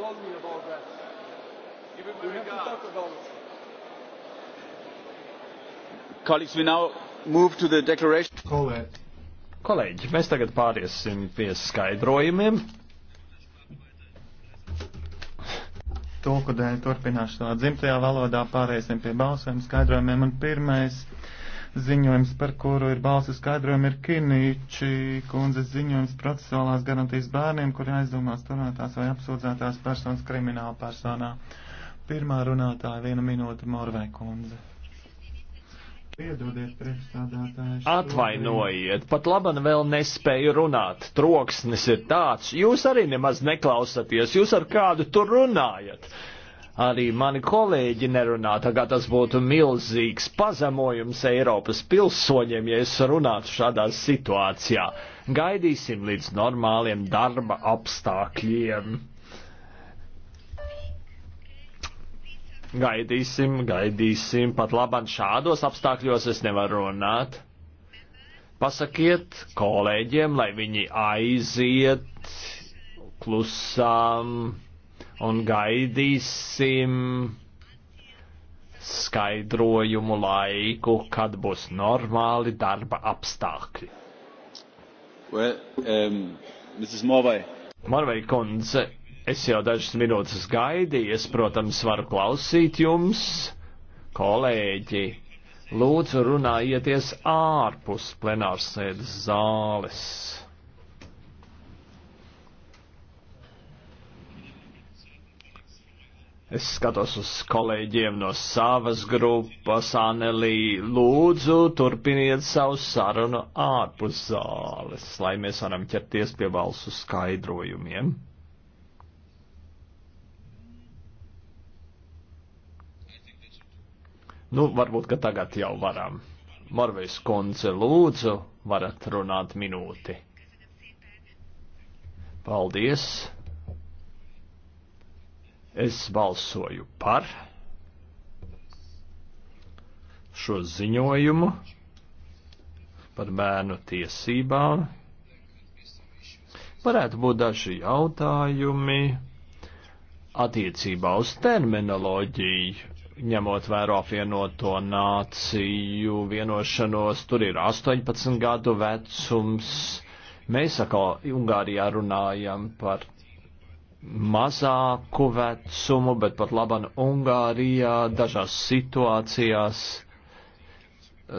told me about that. Give him we have regard. to talk about it. Colleagues, we now move to the declaration. Kolēģi. Kolēģi, mēs tagad pāriesim pie skaidrojumiem. Tulku dēļ turpināšu savā dzimtajā valodā, pāriesim pie balsojuma skaidrojumiem un pirmais. Ziņojums, par kuru ir balsu skaidrojumi, ir Kinīči kundzes ziņojums procesuālās garantijas bērniem, kuri aizdomās turētās vai apsūdzētās personas krimināla personā. Pirmā runātāja viena minūte Morvai kundze. Piedodiet, priekšstādātāji. Atvainojiet, pat laban vēl nespēju runāt. Troksnis ir tāds, jūs arī nemaz neklausāties, jūs ar kādu tur runājat arī mani kolēģi nerunā, tagad tas būtu milzīgs pazemojums Eiropas pilsoņiem, ja es runātu šādā situācijā. Gaidīsim līdz normāliem darba apstākļiem. Gaidīsim, gaidīsim, pat labam šādos apstākļos es nevaru runāt. Pasakiet kolēģiem, lai viņi aiziet klusām. Um, un gaidīsim skaidrojumu laiku, kad būs normāli darba apstākļi. Well, um, Mrs. Morvai. Morvai kundze, es jau dažas minūtes gaidīju, es, protams, varu klausīt jums, kolēģi. Lūdzu, runājieties ārpus plenārsēdes zāles. Es skatos uz kolēģiem no savas grupas, Anelī, lūdzu, turpiniet savu sarunu ārpus zāles, lai mēs varam ķerties pie valstu skaidrojumiem. Nu, varbūt, ka tagad jau varam. Marvejs Konce, lūdzu, varat runāt minūti. Paldies! Es balsoju par šo ziņojumu par bērnu tiesībām. Varētu būt daži jautājumi attiecībā uz terminoloģiju, ņemot vērā apvienoto nāciju vienošanos, tur ir 18 gadu vecums. Mēs atkal Ungārijā runājam par mazāku vecumu, bet pat laban Ungārijā dažās situācijās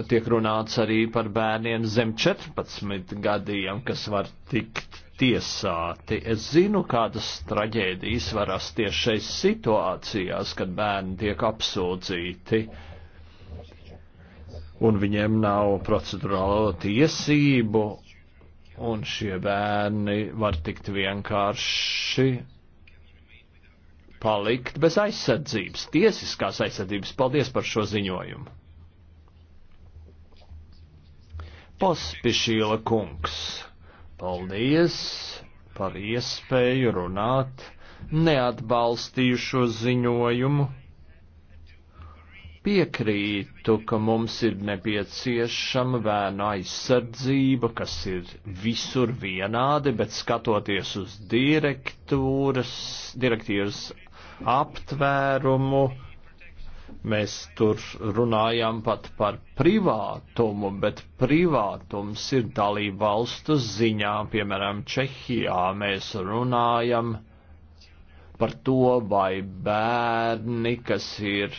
tiek runāts arī par bērniem zem 14 gadiem, kas var tikt tiesāti. Es zinu, kādas traģēdijas var rasties šeit situācijās, kad bērni tiek apsūdzīti un viņiem nav procedurālo tiesību un šie bērni var tikt vienkārši palikt bez aizsardzības, tiesiskās aizsardzības. Paldies par šo ziņojumu. Pospišīla kungs, paldies par iespēju runāt, neatbalstīju šo ziņojumu piekrītu, ka mums ir nepieciešama vēna aizsardzība, kas ir visur vienādi, bet skatoties uz direktūras, direktīvas aptvērumu, mēs tur runājam pat par privātumu, bet privātums ir dalība valstu ziņā, piemēram, Čehijā mēs runājam par to, vai bērni, kas ir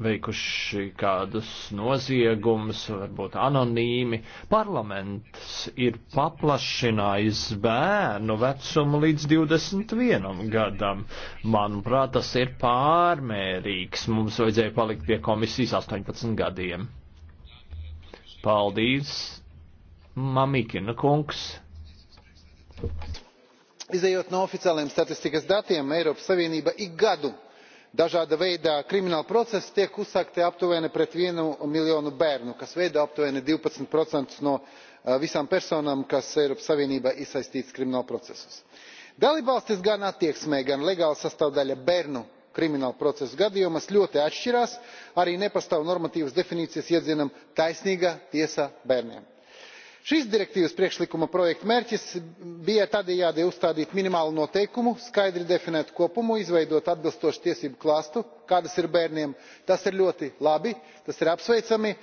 veikuši kādus noziegumus, varbūt anonīmi. Parlaments ir paplašinājis bērnu vecumu līdz 21 gadam. Manuprāt, tas ir pārmērīgs. Mums vajadzēja palikt pie komisijas 18 gadiem. Paldies, Mamikina kungs. Izejot no oficiāliem statistikas datiem, Eiropas Savienība ik gadu dažāda veida krimināli procesi tiek uzsākti aptuveni pret vienu miljonu bērnu kas veido aptuveni divpadsmit no eh, visām personām kas eiropas savienībā iesaistītas kriminālprocesos. dalībvalstis gan attieksmē gan legāla sastāvdaļa bērnu kriminālprocesu gadījumos ļoti atšķirās arī nepastāv normatīvas definīcijas jēdzienam taisnīga tiesa bērniem šīs direktīvas priekšlikuma projekta mērķis bija tādējādi uzstādīt minimālu noteikumu skaidri definēt kopumu izveidot atbilstošu tiesību klāstu kādas ir bērniem. tas ir ļoti labi tas ir apsveicami.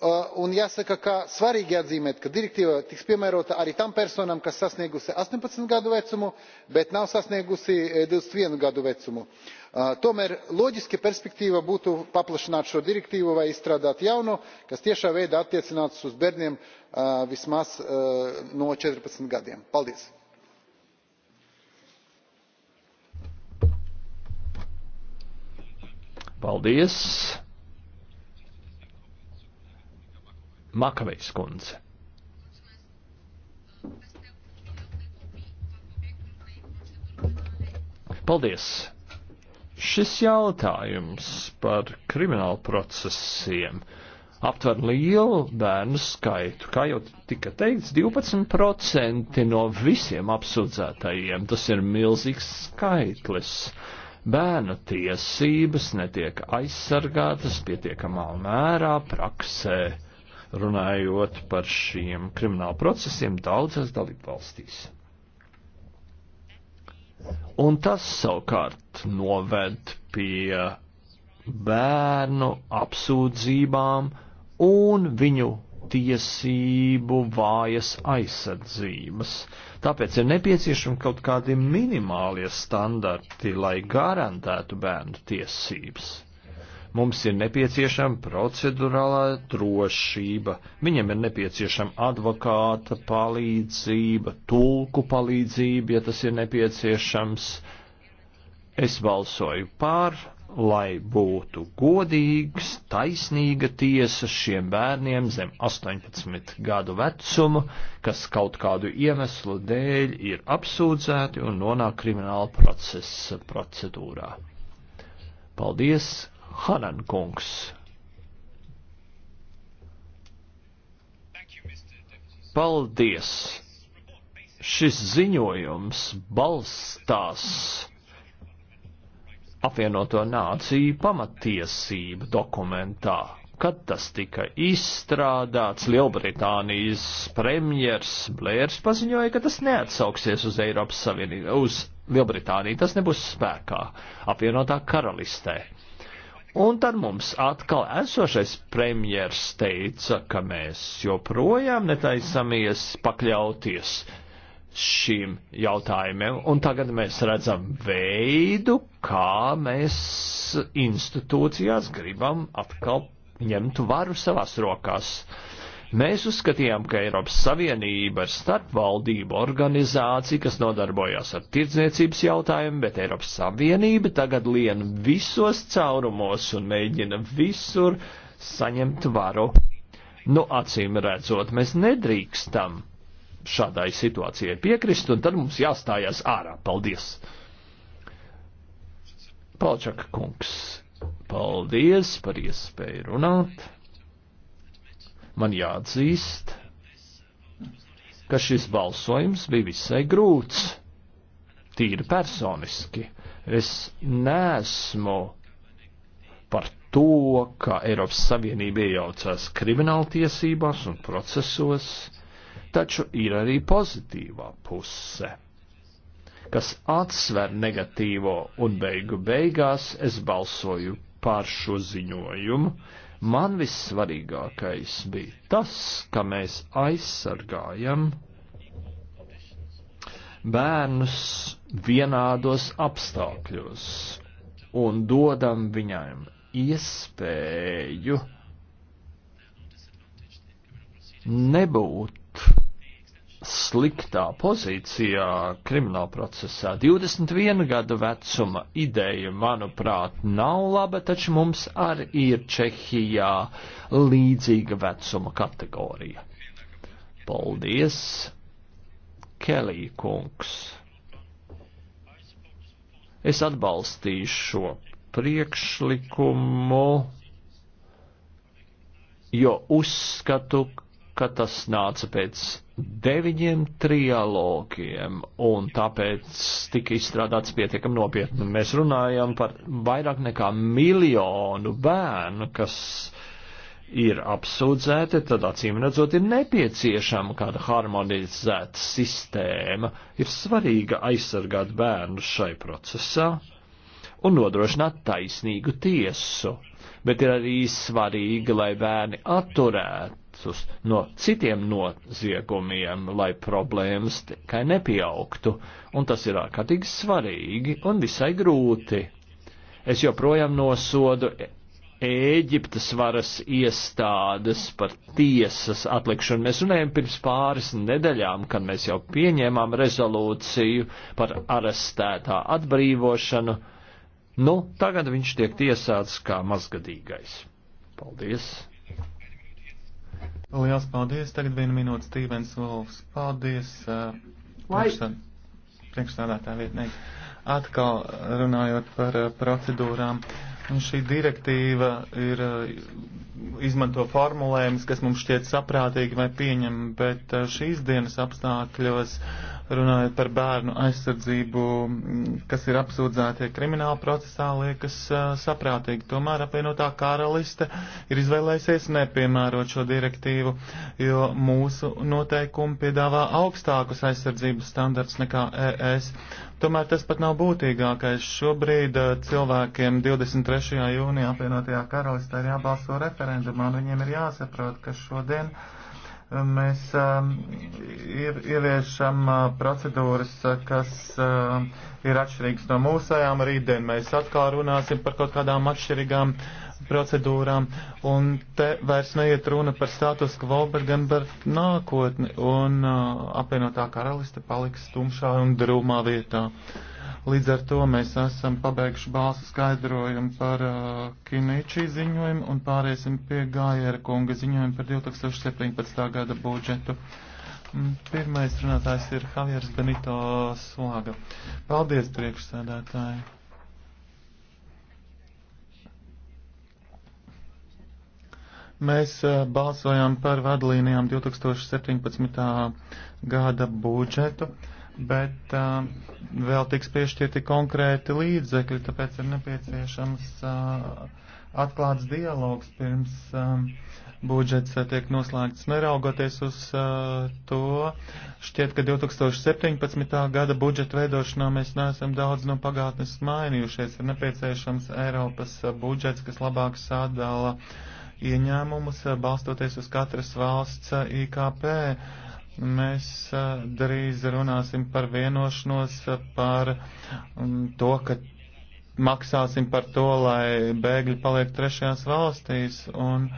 Uh, un jāsaka ka svarīgi atzīmēt ka direktīva tiks piemērota arī tām personām kas sasniegusi astoņpadsmit gadu vecumu bet nav sasniegusi uh, divdesmit vienu gadu vecumu. Uh, tomēr loģiska perspektīva būtu paplašināt šo direktīvu vai izstrādāt jaunu kas tiešā veidā attiecinātos uz bērniem vismaz no četrpadsmit gadiem. paldies! paldies. Makavejs kundze. Paldies! Šis jautājums par kriminālu procesiem aptver lielu bērnu skaitu. Kā jau tika teikts, 12% no visiem apsūdzētajiem tas ir milzīgs skaitlis. Bērnu tiesības netiek aizsargātas pietiekamā mērā praksē runājot par šiem kriminālu procesiem daudzās dalībvalstīs. Un tas savukārt noved pie bērnu apsūdzībām un viņu tiesību vājas aizsardzības. Tāpēc ir nepieciešami kaut kādi minimālie standarti, lai garantētu bērnu tiesības. Mums ir nepieciešama procedurālā drošība, viņam ir nepieciešama advokāta palīdzība, tulku palīdzība, ja tas ir nepieciešams. Es balsoju pār, lai būtu godīgs, taisnīga tiesa šiem bērniem zem 18 gadu vecumu, kas kaut kādu iemeslu dēļ ir apsūdzēti un nonāk krimināla procesa procedūrā. Paldies! Hanan kungs. Paldies! Šis ziņojums balstās apvienoto nāciju pamatiesību dokumentā, kad tas tika izstrādāts, Lielbritānijas premjers Blērs paziņoja, ka tas neatsauksies uz Eiropas Savienību, uz Lielbritāniju, tas nebūs spēkā apvienotā karalistē. Un tad mums atkal esošais premjers teica, ka mēs joprojām netaisamies pakļauties šīm jautājumiem, un tagad mēs redzam veidu, kā mēs institūcijās gribam atkal ņemt varu savās rokās. Uh, Mēs uzskatījām, ka Eiropas Savienība ir starpvaldību organizācija, kas nodarbojās ar tirdzniecības jautājumu, bet Eiropas Savienība tagad lien visos caurumos un mēģina visur saņemt varu. Nu, acīm redzot, mēs nedrīkstam šādai situācijai piekrist, un tad mums jāstājās ārā. Paldies! Palčaka kungs, paldies par iespēju runāt! Man jāatzīst, ka šis balsojums bija visai grūts, tīri personiski. Es nesmu par to, ka Eiropas Savienība iejaucās krimināltiesībās un procesos, taču ir arī pozitīvā puse, kas atsver negatīvo un beigu beigās es balsoju pār šo ziņojumu, Man vissvarīgākais bija tas, ka mēs aizsargājam bērnus vienādos apstākļos un dodam viņiem iespēju nebūt sliktā pozīcijā krimināla procesā. 21 gadu vecuma ideja, manuprāt, nav laba, taču mums arī ir Čehijā līdzīga vecuma kategorija. Paldies, Kelī kungs! Es atbalstīšu šo priekšlikumu, jo uzskatu, ka tas nāca pēc deviņiem trialogiem, un tāpēc tika izstrādāts pietiekami nopietni. Mēs runājam par vairāk nekā miljonu bērnu, kas ir apsūdzēti, tad acīm redzot ir nepieciešama kāda harmonizēta sistēma. Ir svarīga aizsargāt bērnu šai procesā un nodrošināt taisnīgu tiesu, bet ir arī svarīgi, lai bērni atturētu citus no citiem noziegumiem, lai problēmas tikai nepieaugtu, un tas ir ārkārtīgi svarīgi un visai grūti. Es joprojām nosodu e- Ēģiptes varas iestādes par tiesas atlikšanu. Mēs runājam pirms pāris nedēļām, kad mēs jau pieņēmām rezolūciju par arestētā atbrīvošanu. Nu, tagad viņš tiek tiesāts kā mazgadīgais. Paldies! Lielas paldies. Tagad viena minūte Stīvens Volfs. Paldies. Uh, priekšstādā, priekšstādātā vietnieks. Atkal runājot par uh, procedūrām. Un šī direktīva ir uh, izmanto formulējumus, kas mums šķiet saprātīgi vai pieņem, bet eh, šīs dienas apstākļos, runājot par bērnu aizsardzību, kas ir apsūdzētie krimināla procesā, liekas eh, saprātīgi. Tomēr apvienotā karaliste ir izvēlējusies nepiemērot šo direktīvu, jo mūsu noteikumi piedāvā augstākus aizsardzības standarts nekā ES. Tomēr tas pat nav būtīgākais. Šobrīd eh, cilvēkiem 23. jūnijā apvienotajā karalistē ir jābalso referendumā, un viņiem ir jāsaprot, ka šodien eh, mēs eh, ieviešam procedūras, kas ir atšķirīgas no mūsējām. Rītdien mēs atkal runāsim par kaut kādām atšķirīgām procedūrām, un te vairs neiet runa par status quo, bet gan par nākotni, un uh, apvienotā karaliste paliks tumšā un drūmā vietā. Līdz ar to mēs esam pabeiguši balsu skaidrojumu par uh, Kiničī ziņojumu un pāriesim pie Gājera kunga ziņojumu par 2017. gada budžetu. Mm, pirmais runātājs ir Javieris Benito Slaga. Paldies, priekšsēdētāji! Mēs eh, balsojām par vadlīnijām 2017. gada budžetu, bet eh, vēl tiks piešķirti konkrēti līdzekļi, tāpēc ir nepieciešams eh, atklāts dialogs pirms budžets tiek noslēgts. Neraugoties uz uh, to, šķiet, ka 2017. gada budžeta veidošanā mēs neesam daudz no pagātnes mainījušies. Ir nepieciešams Eiropas budžets, kas labāk sadala uh, ieņēmumus eh, balstoties uz katras valsts eh, IKP. Mēs eh, drīz runāsim par vienošanos par mm, to, ka maksāsim par to, lai bēgļi paliek trešajās valstīs. Un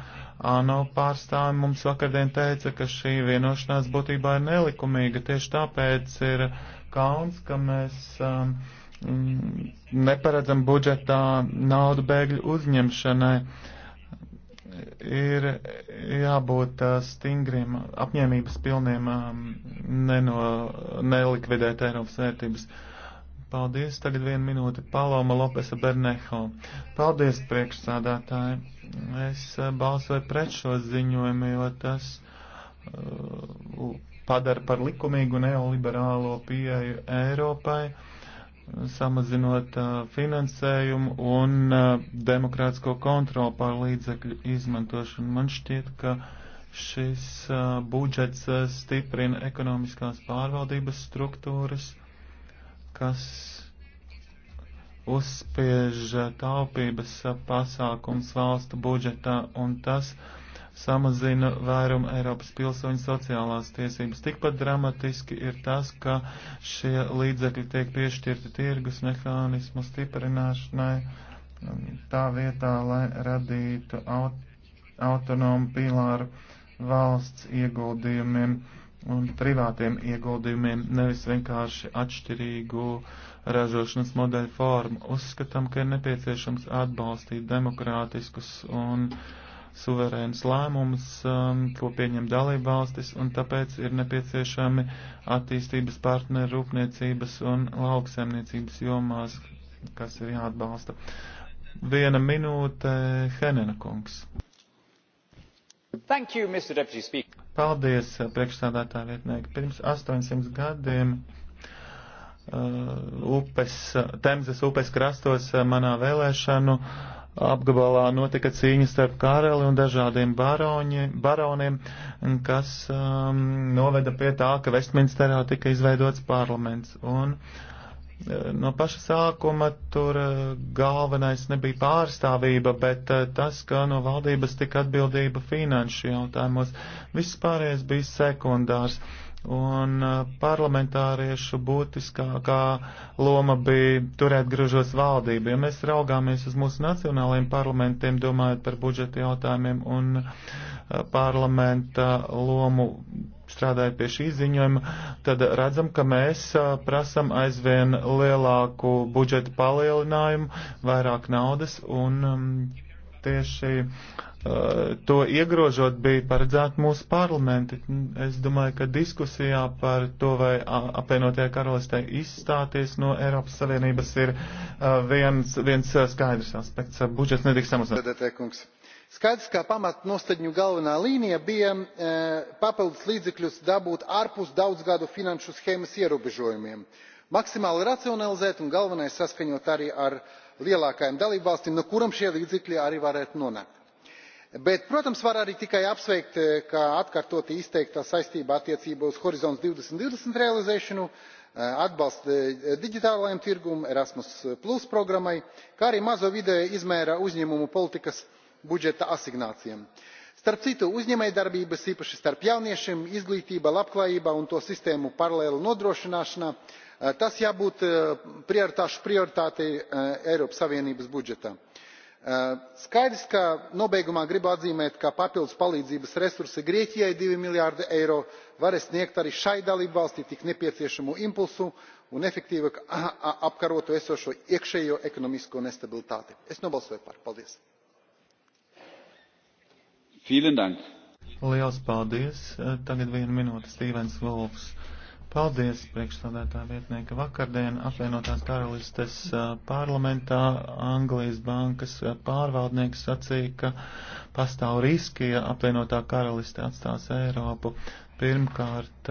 ANO pārstāvi mums vakardien teica, ka šī vienošanās būtībā ir nelikumīga. Tieši tāpēc ir kauns, ka mēs um, neparedzam budžetā naudu bēgļu uzņemšanai. Uh, ir jābūt stingriem, apņēmības pilniem, neno, nelikvidēt Eiropas vērtības. Paldies, tagad viena minūte Paloma Lopesa Berneho. Paldies, priekšsādātāji. Es balsoju pret šo ziņojumu, jo tas uh, padara par likumīgu neoliberālo pieeju Eiropai. Uh, samazinot uh, finansējumu un uh, demokrātisko kontroli pār līdzekļu izmantošanu. Man šķiet, ka šis uh, budžets stiprina ekonomiskās pārvaldības struktūras, kas uzspiež taupības pasākums valstu budžetā un tas, uh, samazina vairumu Eiropas pilsoņu sociālās tiesības. Tikpat dramatiski ir tas, ka šie līdzekļi tiek piešķirti tirgus mehānismu stiprināšanai um, tā vietā, lai radītu aut autonomu pīlāru valsts ieguldījumiem un privātiem ieguldījumiem, nevis vienkārši atšķirīgu ražošanas modeļu formu. Uzskatām, ka ir nepieciešams atbalstīt demokrātiskus un uh, suverēns lēmums, um, ko pieņem dalība valstis, un tāpēc ir nepieciešami attīstības partneri rūpniecības un lauksaimniecības jomās, kas ir jāatbalsta. Viena minūte, Henena kungs. Thank you, Mr. Deputy Speaker. Paldies, uh, priekšstādātā vietnieki. Pirms 800 gadiem uh, upes, uh, Temzes upes krastos uh, manā vēlēšanu uh, apgabalā notika cīņa starp karali un dažādiem baroņi, baroniem, kas um, noveda pie tā, ka Vestminsterā tika izveidots parlaments. Un uh, no paša sākuma tur uh, galvenais nebija pārstāvība, bet uh, tas, ka no valdības tika atbildība finanšu jautājumos, viss pārējais bija sekundārs. Uh, un uh, parlamentāriešu būtiskākā loma bija turēt gružos valdību. Ja mēs raugāmies uz mūsu nacionālajiem parlamentiem, domājot par budžeta jautājumiem un uh, parlamenta lomu strādājot pie šī ziņojuma, tad redzam, ka mēs uh, prasam aizvien lielāku budžeta palielinājumu, vairāk naudas un um, tieši Eh, to iegrožot bija paredzēti mūsu parlamenti. Es domāju, ka diskusijā par to, vai apvienotajā karalistē izstāties no Eiropas Savienības ir eh, viens, viens eh, skaidrs aspekts. Budžets netiks samazināts. Skaidrs, ka pamatnostaļņu galvenā līnija bija e, papildus līdzekļus dabūt ārpus daudzgadu finanšu schēmas ierobežojumiem, maksimāli racionalizēt un galvenais saskaņot arī ar lielākajām dalībvalstīm, no kurām šie līdzekļi arī varētu nonākt bet protams var arī tikai apsveikt eh, ka atkārtoti izteiktā saistība attiecībā uz horizonta two thousand and twenty realizēšanu eh, atbalstu eh, digitālajam tirgum erasmus programmai kā arī mazo vidēja izmēra uzņēmumu politikas budžeta asignācijām. starp citu uzņēmējdarbības īpaši starp jauniešiem izglītība labklājība un to sistēmu paralēla nodrošināšana tas jābūt prioritāšu prioritātei eiropas savienības budžetā. Eh, skaidrs ka nobeigumā gribu atzīmēt ka papildus palīdzības resursi grieķijai divi miljārdi eiro varēs sniegt arī šai dalībvalstij tik nepieciešamo impulsu un efektīvāk apkarotu esošo iekšējo ekonomisko nestabilitāti. es nobalsoju par. paldies! Liels paldies! Eh, tagad vienu minūti Stīvens Volfs. Paldies, priekšstādētā vietnieka. Vakardien apvienotās karalistes parlamentā Anglijas bankas pārvaldnieks sacīja, ka pastāv riski, ja apvienotā karaliste atstās Eiropu. Pirmkārt,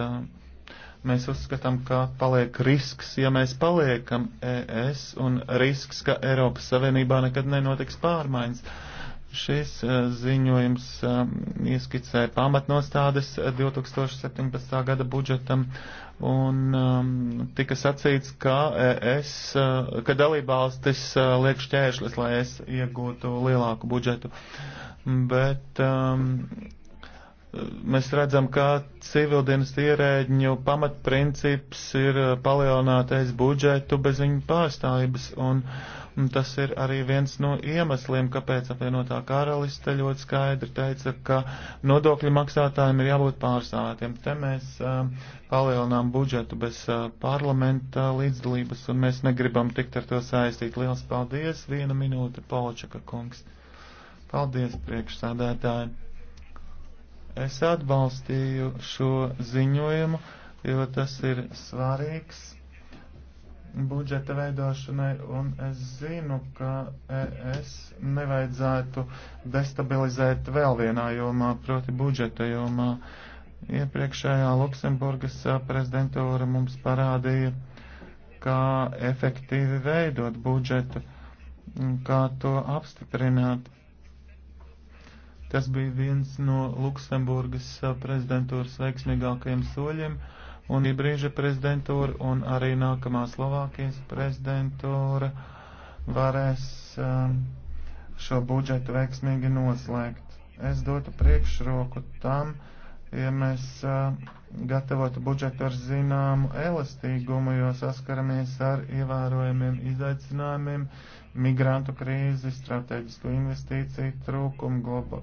mēs uzskatām, ka paliek risks, ja mēs paliekam ES, un risks, ka Eiropas Savienībā nekad nenotiks pārmaiņas. Šis ziņojums ieskicēja pamatnostādes 2017. gada budžetam Un um, tika sacīts, ka, e, es, e, ka dalībvalstis e, liek šķēršļus, lai es iegūtu lielāku budžetu. Bet um, mēs redzam, ka civildienas ierēģņu pamatprincips ir eh, palielinātais budžetu bez viņu pārstāvības, un, un tas ir arī viens no iemesliem, kāpēc apvienotā karaliste ļoti skaidri teica, ka nodokļu maksātājiem ir jābūt pārstāvētiem. Te mēs uh, palielinām budžetu bez uh, parlamenta līdzdalības, un mēs negribam tikt ar to saistīt. Liels paldies! Viena minūte, Polčaka kungs. Paldies, priekšsādētāji! Es atbalstīju šo ziņojumu, jo tas ir svarīgs budžeta veidošanai, un es zinu, ka es nevajadzētu destabilizēt vēl vienā jomā, proti budžeta jomā. Iepriekšējā Luksemburgas prezidentūra mums parādīja, kā efektīvi veidot budžetu, kā to apstiprināt. Tas bija viens no Luksemburgas prezidentūras veiksmīgākajiem soļiem, un šī brīža prezidentūra un arī nākamā Slovākijas prezidentūra varēs šo budžetu veiksmīgi noslēgt. Es dotu priekšroku tam, ja mēs uh, gatavotu budžetu ar zināmu elastīgumu, jo saskaramies ar ievērojumiem izaicinājumiem, migrantu krīzi, strateģisku investīciju trūkumu, globa,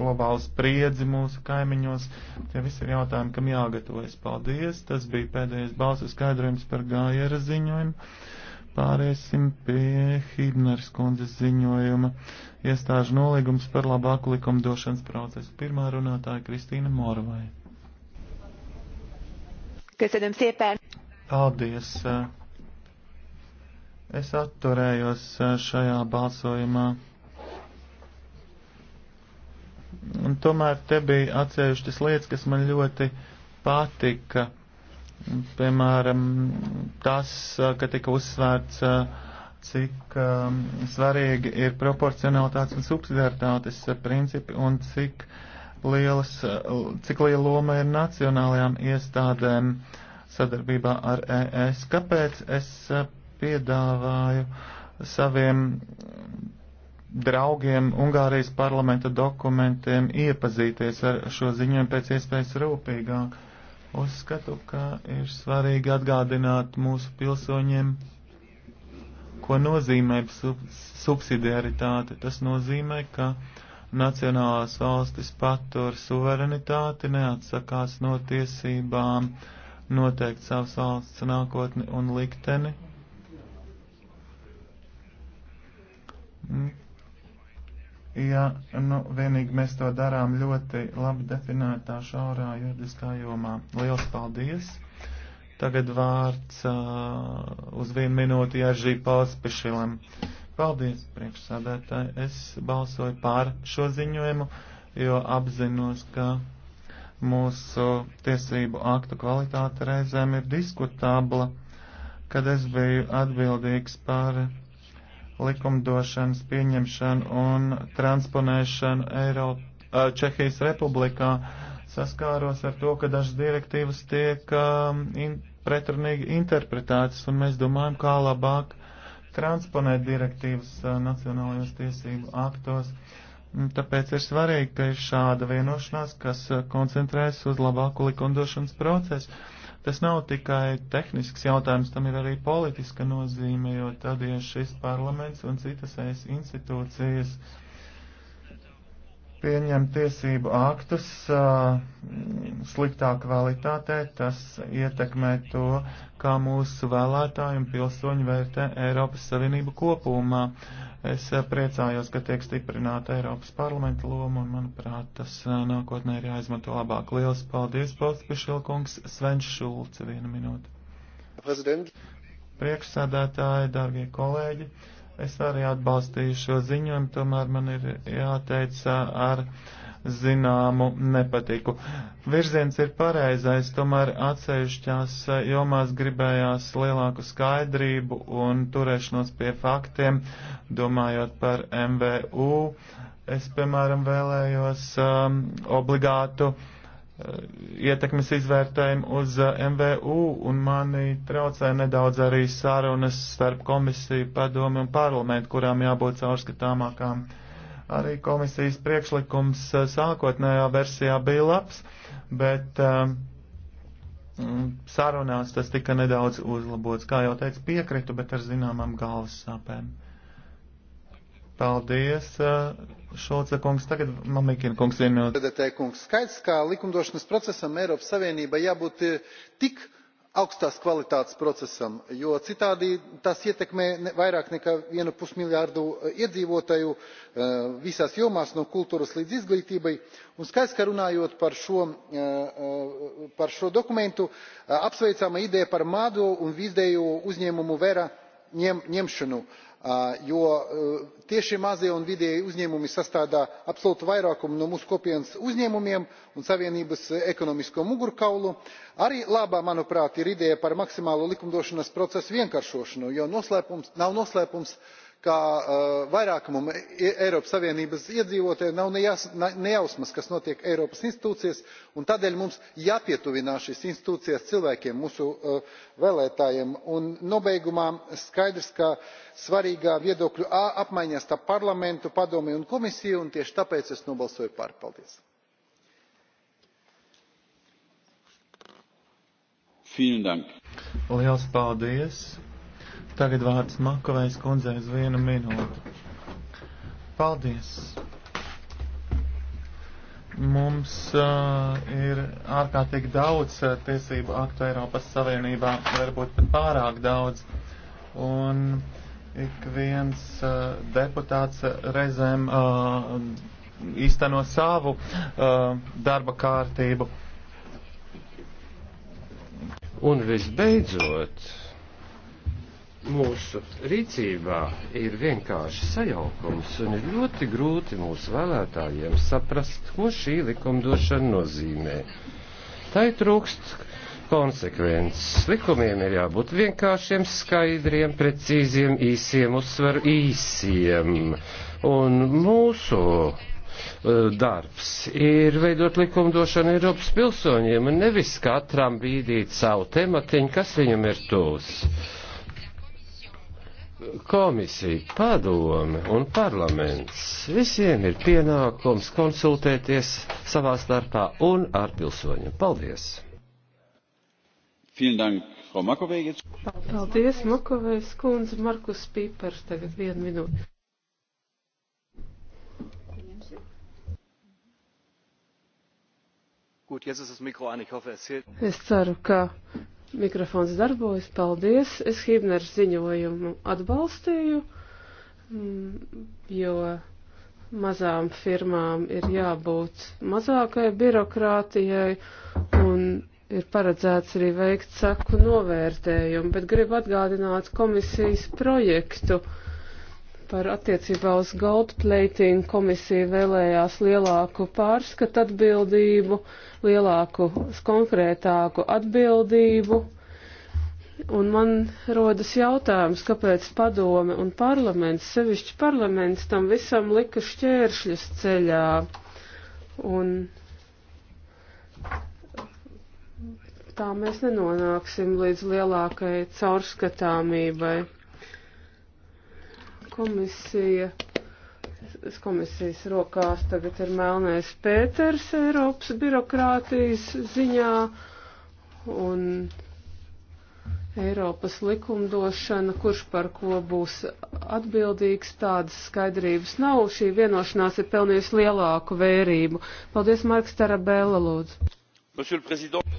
globālu spriedzi mūsu kaimiņos. Tie visi ir jautājumi, kam jāgatavojas. Paldies! Tas bija pēdējais balsu skaidrojums par gājera ziņojumu. Pāriesim pie Hibners kundzes ziņojuma. Iestāžu nolīgums par labāku likumdošanas procesu. Pirmā runātāja Kristīna Morvai. Köszönöm szépen! Paldies! Es atturējos šajā balsojumā. Un tomēr te bija atsevišķas lietas, kas man ļoti patika Piemēram, tas, ka tika uzsvērts, cik um, svarīgi ir proporcionalitātes un subsidiaritātes principi un cik, lielas, cik liela loma ir nacionālajām iestādēm sadarbībā ar ES. Kāpēc es piedāvāju saviem draugiem Ungārijas parlamenta dokumentiem iepazīties ar šo ziņojumu pēc iespējas rūpīgāk? Uzskatu, ka ir svarīgi atgādināt mūsu pilsoņiem, ko nozīmē sub subsidiaritāte. Tas nozīmē, ka nacionālās valstis patur suverenitāti, neatsakās no tiesībām noteikt savas valsts nākotni un likteni ja nu, vienīgi mēs to darām ļoti labi definētā šaurā juridiskā jomā. Liels paldies! Tagad vārds uh, uz vienu minūti Jāržī Pauspišilam. Paldies, priekšsādētāji. Es balsoju pār šo ziņojumu, jo apzinos, ka mūsu tiesību aktu kvalitāte reizēm ir diskutabla, kad es biju atbildīgs par likumdošanas pieņemšanu un transponēšanu Eiro, Čehijas republikā saskāros ar to, ka dažas direktīvas tiek um, in, pretrunīgi interpretētas, un mēs domājam, kā labāk transponēt direktīvas uh, nacionālajos tiesību aktos. Tāpēc ir svarīgi, ka ir šāda vienošanās, kas koncentrēs uz labāku likumdošanas procesu Tas nav tikai tehnisks jautājums, tam ir arī politiska nozīme, jo tad, ja šis parlaments un citas ES institūcijas uh, pieņem tiesību aktus sliktā kvalitātē, tas ietekmē to, kā mūsu vēlētāji un pilsoņi vērtē Eiropas Savienību kopumā. Es priecājos, ka tiek stiprināta Eiropas parlamenta loma, un, manuprāt, tas nākotnē ir jāizmanto labāk. Lielas paldies, Postpišilkungs, Svenš Šulce, vienu minūtu. Priekšsādātāji, dārgie kolēģi! Es arī atbalstīju šo ziņojumu, tomēr man ir jāteic ar zināmu nepatiku. Virziens ir pareizais, tomēr atsevišķās jomās gribējās lielāku skaidrību un turēšanos pie faktiem, domājot par MVU. Es, piemēram, vēlējos um, obligātu uh, Eh, ietekmes izvērtējumu uz eh, MVU, un mani traucē nedaudz arī sarunas starp komisiju, padomi un parlamentu, kurām jābūt caurskatāmākām. Arī komisijas priekšlikums eh, sākotnējā versijā bija labs, bet um, sarunās tas tika nedaudz uzlabots. Kā jau teicu, piekritu, bet ar zināmām galvas sāpēm. Paldies, uh, Šulce kungs. Tagad Mamikina kungs vienu minūti. Skaidrs, ka likumdošanas procesam Eiropas Savienībai jābūt eh, tik augstās kvalitātes procesam, jo citādi tas ietekmē vairāk nekā vienu pusmiljārdu eh, iedzīvotāju eh, visās jomās, no kultūras līdz izglītībai. Un skaidrs, ka runājot par šo, par šo dokumentu, apsveicama ideja par mazo un vidējo uzņēmumu vērā ņemšanu jo e, tieši mazie un vidēji uzņēmumi sastāvda absolūtu vairākumu no mūsu kopienas uzņēmumiem un savienības ekonomisko mugurkaulu. arī laba manuprāt ir ideja par maksimālu likumdošanas procesa vienkāršošanu jo nav noslēpums ka eh, vairākumam e-, eiropas savienības iedzīvotāju nav ne jausmas kas notiek eiropas institūcijās un tādēļ mums jāpietuvinās šīs institūcijas cilvēkiem mūsu eh, vēlētājiem. un nobeigumā skaidrs ka svarīga viedokļu apmaiņa starp parlamentu padomi un komisiju un tieši tāpēc es nobalsoju par. paldies! Liels paldies! Tagad vārds Makovējas kundzei uz vienu minūti. Paldies! Mums uh, ir ārkārtīgi daudz uh, tiesību aktu Eiropas Savienībā, varbūt pat pārāk daudz. Un ik viens uh, deputāts reizēm uh, īsteno savu uh, darba kārtību. Un visbeidzot, mūsu rīcībā ir vienkārši sajaukums un ir ļoti grūti mūsu vēlētājiem saprast, ko šī likumdošana nozīmē. Tai trūkst konsekvences. Likumiem ir jābūt vienkāršiem, skaidriem, precīziem, īsiem, uzsveru īsiem. Un mūsu e, darbs ir veidot likumdošanu Eiropas pilsoņiem un nevis katram bīdīt savu tematiņu, kas viņam ir tūs komisija, padome un parlaments visiem ir pienākums konsultēties savā starpā un ar pilsoņiem. Paldies! Paldies, Paldies Makovejs kundze, Markus Pīpers, tagad vienu minūti. Gut, jetzt ist das Mikro an. Ich hoffe, es zählt. Es ceru, ka Mikrofons darbojas, paldies. Es Hibneru ziņojumu atbalstīju, mm, jo mazām firmām ir jābūt mazākai birokrātijai un ir paredzēts arī veikt saku novērtējumu, bet gribu atgādināt komisijas projektu. Uh, par attiecībā uz gold plating komisija vēlējās lielāku pārskatu atbildību, lielāku konkrētāku atbildību. Un man rodas jautājums, kāpēc padome un parlaments, sevišķi parlaments, tam visam lika šķēršļus ceļā. Un tā mēs nenonāksim līdz lielākai caurskatāmībai. Komisija, komisijas rokās tagad ir melnais Pēters Eiropas birokrātijas ziņā un Eiropas likumdošana, kurš par ko būs atbildīgs, tādas skaidrības nav. Šī vienošanās ir pelnījusi lielāku vērību. Paldies, Marks Tarabēla, lūdzu.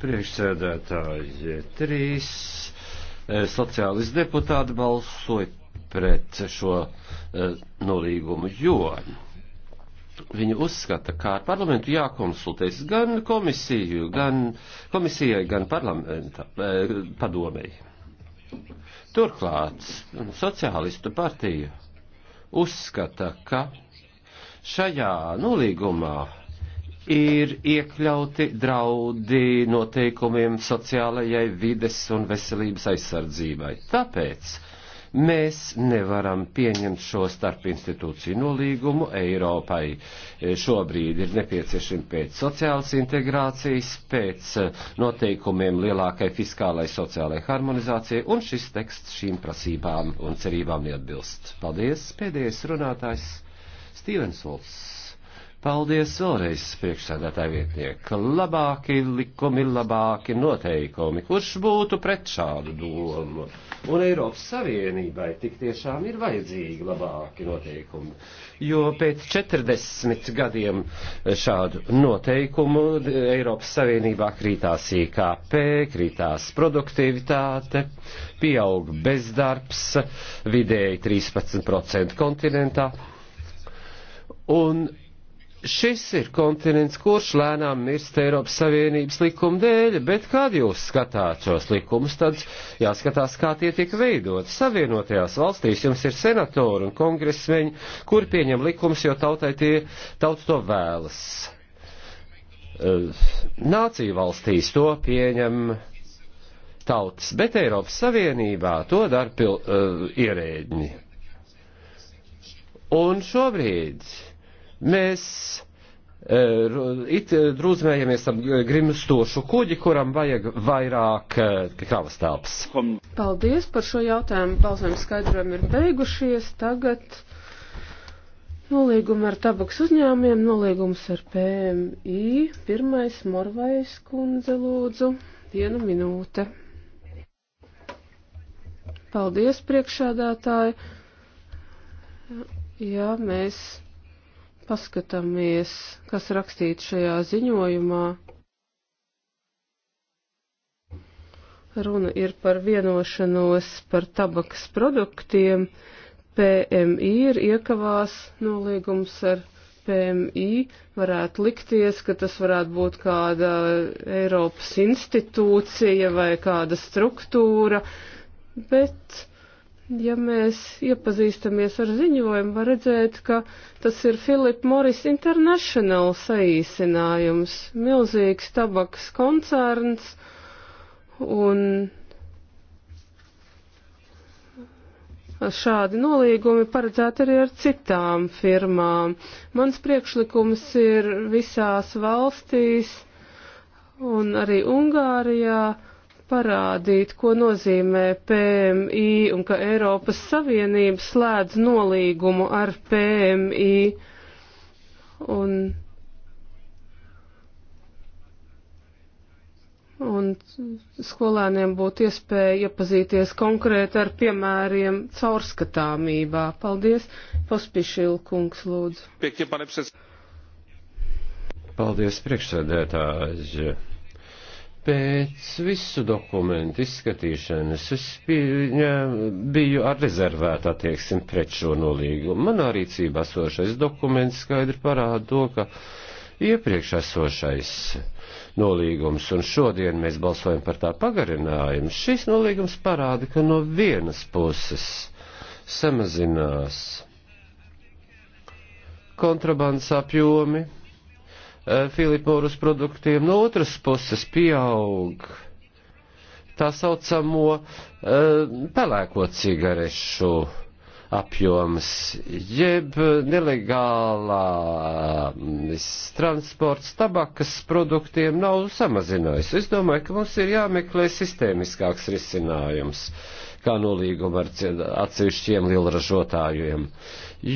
Priekšsēdētāji, trīs eh, sociālisti deputāti balsoja pret šo uh, nolīgumu, jo viņi uzskata, ka ar parlamentu jākonsultēs gan komisiju, gan komisijai, gan parlamenta uh, padomēji. Turklāt sociālistu partija uzskata, ka šajā nolīgumā ir iekļauti draudi noteikumiem sociālajai vides un veselības aizsardzībai. Tāpēc Mēs nevaram pieņemt šo starpinstitūciju nolīgumu. Eiropai e, šobrīd ir nepieciešama pēc sociālas integrācijas, pēc e, noteikumiem lielākai fiskālai sociālai harmonizācijai, un šis teksts šīm prasībām un cerībām neatbilst. Paldies! Pēdējais runātājs Stīvens Volts. Paldies vēlreiz priekšsēdētāji vietnieki. Labāki likumi, labāki noteikumi. Kurš būtu pret šādu domu? Un Eiropas Savienībai tik tiešām ir vajadzīgi labāki noteikumi. Jo pēc 40 gadiem šādu noteikumu Eiropas Savienībā krītās IKP, krītās produktivitāte, pieaug bezdarbs, vidēji 13% kontinentā. Un Šis ir kontinents, kurš lēnām mirst Eiropas Savienības likuma dēļ, bet kad jūs skatāt šos likumus, tad jāskatās, kā tie tiek veidoti. Savienotajās valstīs jums ir senatori un kongresmeņi, kuri pieņem likumus, jo tautai tie tauts to vēlas. Eh, nāciju valstīs to pieņem tautas, bet Eiropas Savienībā to dara pil, uh, ierēģi. Un šobrīd Mēs e, it drūzmējamies ar grimstošu kuģi, kuram vajag vairāk e, kravas telpas. Paldies par šo jautājumu. Balsojums skaidrojumi ir beigušies. Tagad nolīgumi ar tabaks uzņēmiem, nolīgums ar PMI. Pirmais Morvais kundze lūdzu. Viena minūte. Paldies priekšādātāji. Jā, mēs paskatāmies, kas rakstīts šajā ziņojumā, runa ir par vienošanos par tabakas produktiem. PMI ir iekavās nolīgums ar PMI. Varētu likties, ka tas varētu būt kāda Eiropas institūcija vai kāda struktūra, bet Ja mēs iepazīstamies ar ziņojumu, var redzēt, ka tas ir Philip Morris International saīsinājums, milzīgs tabaks koncerns un šādi nolīgumi paredzēti arī ar citām firmām. Mans priekšlikums ir visās valstīs un arī Ungārijā parādīt, ko nozīmē PMI un ka Eiropas Savienība slēdz nolīgumu ar PMI. Un, un skolēniem būtu iespēja iepazīties konkrēti ar piemēriem caurskatāmībā. Paldies, Pospišilkungs, lūdzu. Paldies, priekšsēdētāji. Pēc visu dokumentu izskatīšanas es biju, biju ar rezervētu attieksmi pret šo nolīgumu. Manā rīcībā esošais dokuments skaidri parāda to, ka iepriekš esošais nolīgums, un šodien mēs balsojam par tā pagarinājumu, šis nolīgums parāda, ka no vienas puses samazinās kontrabandas apjomi, Eh, filipūras produktiem, no otras puses pieaug tā saucamo eh, pelēko cigarešu apjoms, jeb nelegālā mm, transports tabakas produktiem nav samazinājis. Es domāju, ka mums ir jāmeklē sistēmiskāks risinājums, kā nolīguma ar atsevišķiem lielražotājiem,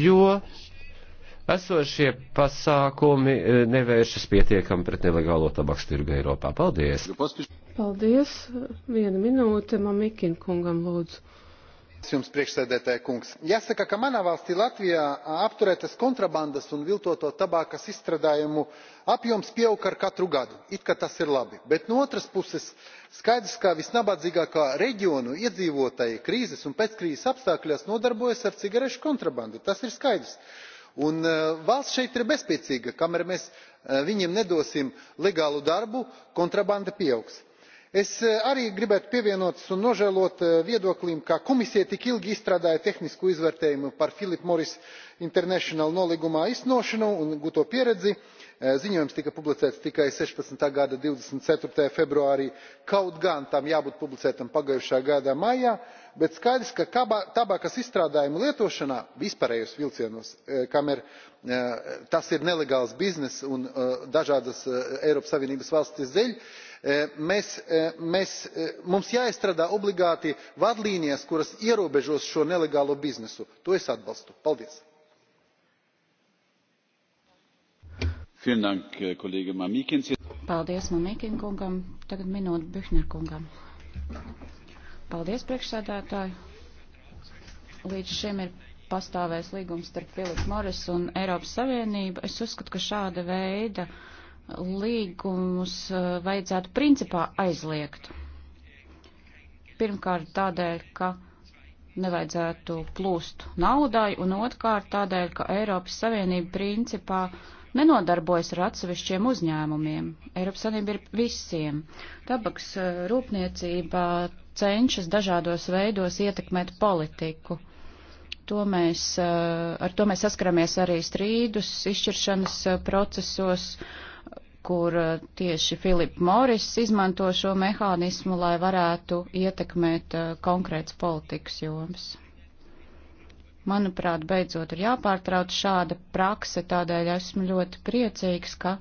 jo esošie pasākumi e, nevēršas pietiekami pret nelegālo tabaks tirgu Eiropā. Paldies! Paldies! Viena minūte Mamikina kungam lūdzu. Jums priekšsēdētāja kungs. Jāsaka, ka manā valstī Latvijā apturētas kontrabandas un viltoto tabākas izstrādājumu apjoms pieaug ar katru gadu. It kā tas ir labi. Bet no otras puses skaidrs, ka visnabadzīgākā reģionu iedzīvotāji krīzes un pēckrīzes apstākļos nodarbojas ar cigarešu kontrabandu. Tas ir skaidrs un e, valsts šeit ir bezspēcīga kamēr mēs e, viņiem nedosim legālu darbu kontrabanda pieaugs. es e, arī gribētu pievienoties un nožēlot viedoklim ka komisija tik ilgi izstrādāja tehnisku izvērtējumu par philip morris international nolīguma īstenošanu un gūto pieredzi Eh, ziņojums tika publicēts tikai sešpadsmitā gada divdesmit ceturtajā februārī kaut gan tam jābūt publicētam pagājušā gada maijā bet skaidrs ka tabakas izstrādājumu lietošanā vispārējos vilcienos eh, eh, tas ir nelegāls bizness un dažādas eiropas savienības valstis dēļ mums jāizstrādā obligāti vadlīnijas kuras ierobežos šo nelegālo biznesu. to es atbalstu. paldies! Äh, Paldies Mamīkin kungam. Tagad minūte Bihner kungam. Paldies priekšsēdētāju. Līdz šim ir pastāvēs līgums starp Philip Morris un Eiropas Savienību. Es uzskatu, ka šāda veida līgumus äh, vajadzētu principā aizliegt. Pirmkārt tādēļ, ka nevajadzētu plūst naudai, un otrkārt tādēļ, ka Eiropas Savienība principā uh, nenodarbojas ar atsevišķiem uzņēmumiem. Eiropas Savienība ir visiem. Tabaks eh, rūpniecībā cenšas dažādos veidos ietekmēt politiku. To mēs, eh, ar to mēs saskaramies arī strīdus, izšķiršanas eh, procesos, kur tieši Filipa Moris izmanto šo mehānismu, lai varētu ietekmēt konkrēts politikas joms. Manuprāt, beidzot ir jāpārtrauc šāda prakse, tādēļ esmu ļoti priecīgs, ka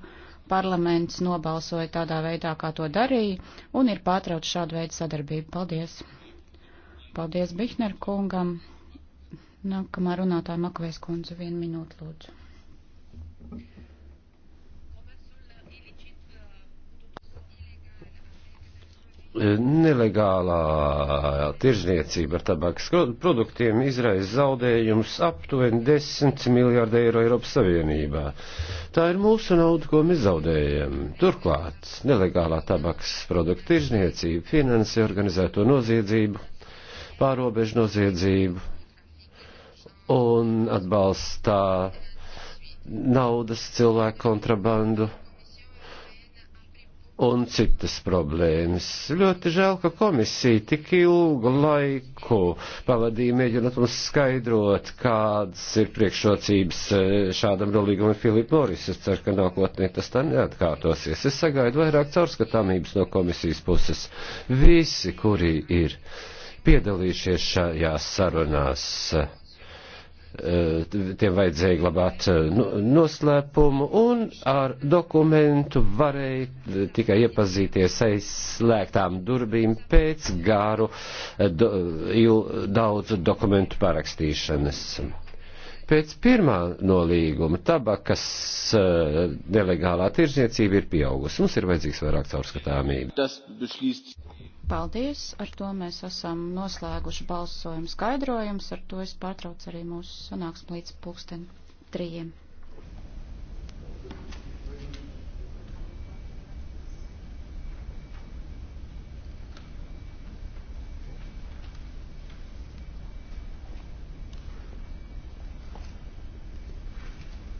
parlaments nobalsoja tādā veidā, kā to darīja, un ir pārtrauc šādu veidu sadarbību. Paldies! Paldies Bihner kungam! Nākamā runātāja Makvēs kundze, vienu minūtu lūdzu. nelegālā tirzniecība ar tabakas produktiem izraisa zaudējumus aptuveni 10 miljārdu eiro Eiropas Savienībā. Tā ir mūsu nauda, ko mēs zaudējam. Turklāt nelegālā tabakas produktu tirzniecība finansē organizēto noziedzību, pārobežu noziedzību un atbalstā naudas cilvēku kontrabandu un citas problēmas. Ļoti žēl, ka komisija tik ilgu laiku pavadīja mēģinot mums skaidrot, kādas ir priekšrocības e, šādam rolīgumam Filipa Moris. Es ceru, ka nākotnē tas tā neatkārtosies. Es sagaidu vairāk caurskatāmības no komisijas puses. Visi, kuri ir piedalījušies šajās sarunās, Eh, tiem vajadzēja glabāt eh, noslēpumu, un ar dokumentu varēja eh, tikai iepazīties aizslēgtām durvīm pēc gāru do, daudzu dokumentu parakstīšanas. Pēc pirmā nolīguma tabakas nelegālā tirzniecība ir pieaugusi. Mums ir vajadzīgs vairāk caurskatāmība. Paldies! Ar to mēs esam noslēguši balsojumu skaidrojums. Ar to es pārtraucu arī mūsu sanāksmu līdz pulksten trījiem.